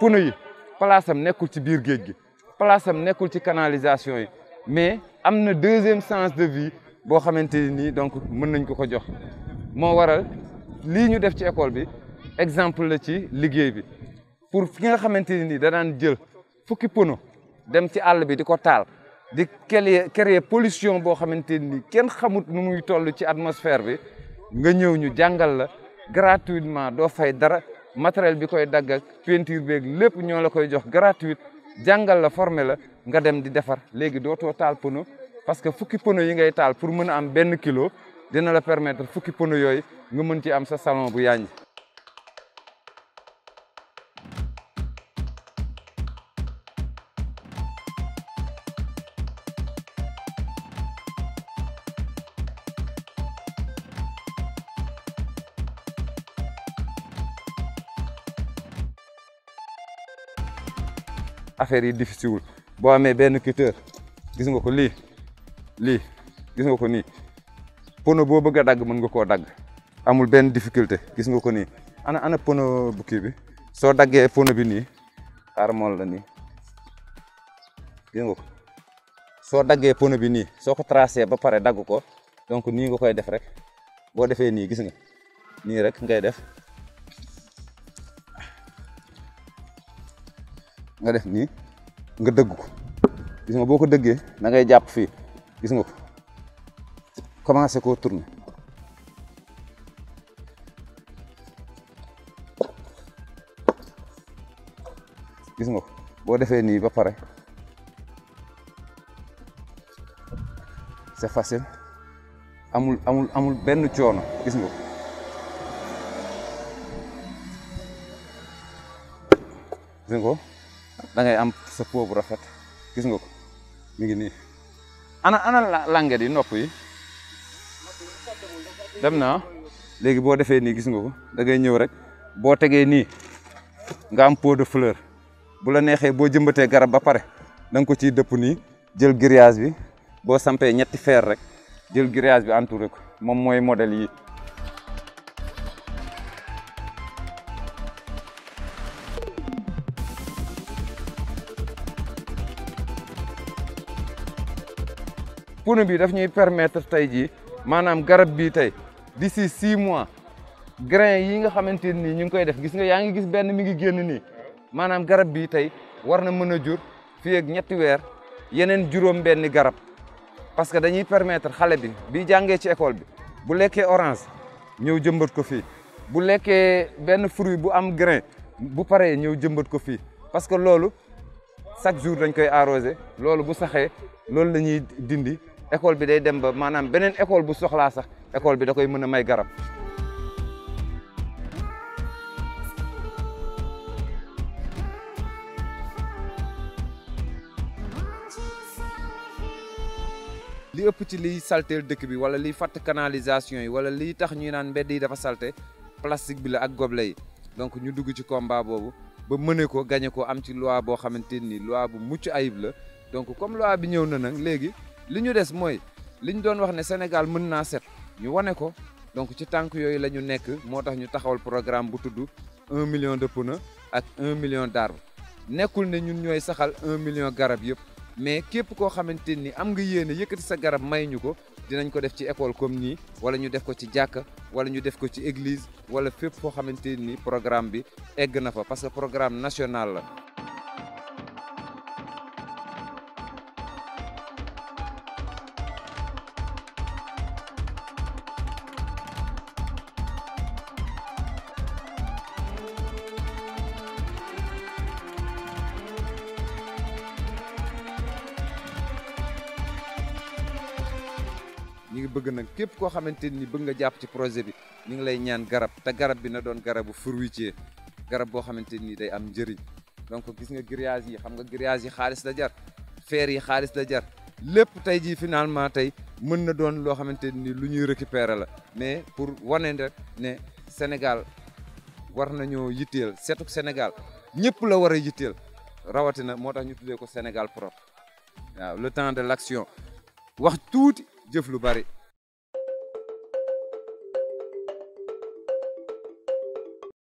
pneu yi place nekkul ci biir géej gi place nekkul ci canalisation yi mais am na deuxième sens de vie boo xamante nii donc mën nañ ko ko jox moo waral lii ñu def ci école bi exemple la ci liggéey bi pour ki nga xamante ni da daan jël fukki pneu dem ci àll bi di ko taal di créer créer pollution boo xamante ni kenn xamut nu muy toll ci atmosphère bi nga ñëw ñu jàngal la gratuitement doo fay dara matériel bi koy dagg ak peinture beeg lépp ñoo la koy jox gratuite jàngal la formé la nga dem di defar léegi dootoo taal pono parce que fukki pono yi ngay taal pour mën a am benn kilo dina la permettre fukki pono yooyu nga mën ci am sa salon bu yaañ affaire yi difficile wul bo amé ben cutter gis nga ko li li gis nga ko ni pono bo bëgg dag mën nga ko dag amul ben difficulté gis nga ko ni ana ana pono bu ki bi so pono bi nii xaarmol la ni gis nga ko so pono bi ni soo ko ba pare dag ko donc ni nga koy def rek bo défé ni gis nga ni rek ngay def nga def nii nga dëgg ko gis nga boo ko dëggee da ngay jàpp fii gis nga ko commencé koo gis nga boo defee nii ba pare c'est facile amul amul amul benn coono gis nga ko gis nga da ngay am sa peau bu rafet gis nga ko mi ngi ni ana ana langue di nopp yi dem na léegi bo defé ni gis nga ko da ngay ñew rek bo tégué ni nga am pot de fleur bu la nexé bo jëmbaté garab ba paré dang ko ci depp ni jël grillage bi bo sampé ñetti fer rek jël grillage bi entouré ko mom moy modèle yi pono bi daf ñuy permettre tay ji manam garab bi tay d'ici 6 mois grain yi nga xamanteni ni ñu ngi koy def gis nga yaa ngi gis benn mi ngi genn ni manam garab bi tay war na jur fi ak ñetti wër yenen jurom benn garab parce que dañuy permettre xalé bi bi jangé ci école bi bu lekkee orange ñeu jëmbeut ko fi bu lekkee benn fruit bu am grain bu paré ñeu jëmbeut ko Pas parce que lolu chaque jour dañ koy arroser lolu bu saxé lolu lañuy dindi école bi day dem ba maanaam beneen école bu soxlaa sax école bi dakoy koy mën a may garab li ëpp ci liy salteel dëkk bi wala liy fàtt canalisation yi wala liy tax ñuy naan mbedd yi dafa salte plastique bi la ak goble yi donc ñu dugg ci combat boobu ba mëne ko gañe ko am ci loi boo xamante nii loi bu mucc ayib la donc comme loi bi ñëw na nag léegi li ñu des mooy li ñu doon wax ne Sénégal mën naa set ñu wane ko donc ci tànk yooyu la ñu nekk moo tax ñu taxawul programme bu tudd un million de pneus ak un million d'arbres nekkul ne ñun ñooy saxal un million garab yëpp mais képp koo xamante ni am nga yéene yëkkati sa garab may ñu ko dinañ ko def ci école comme nii wala ñu def ko ci jàkka wala ñu def ko ci église wala fépp foo xamante ni programme bi egg na fa parce que programme national la ñi ngi bëgg nag képp koo xamanteni ni bëgg nga jàpp ci projet bi ñi ngi lay ñaan garab te garab bi na doon garabu fruitier garab boo xamanteni ni day am njëriñ donc gis nga grillage yi xam nga grillage yi xaalis la jar feer yi xaalis la jar lépp tey jii finalement tey mën na doon loo xamanteni ni lu ñuy récupérer la mais pour wane rek ne Sénégal war nañoo yitteel setuk Sénégal ñëpp la war a yitteel rawatina moo tax ñu tuddee ko Sénégal propre waaw le temps de l'action wax tuuti. Jeff Lubari.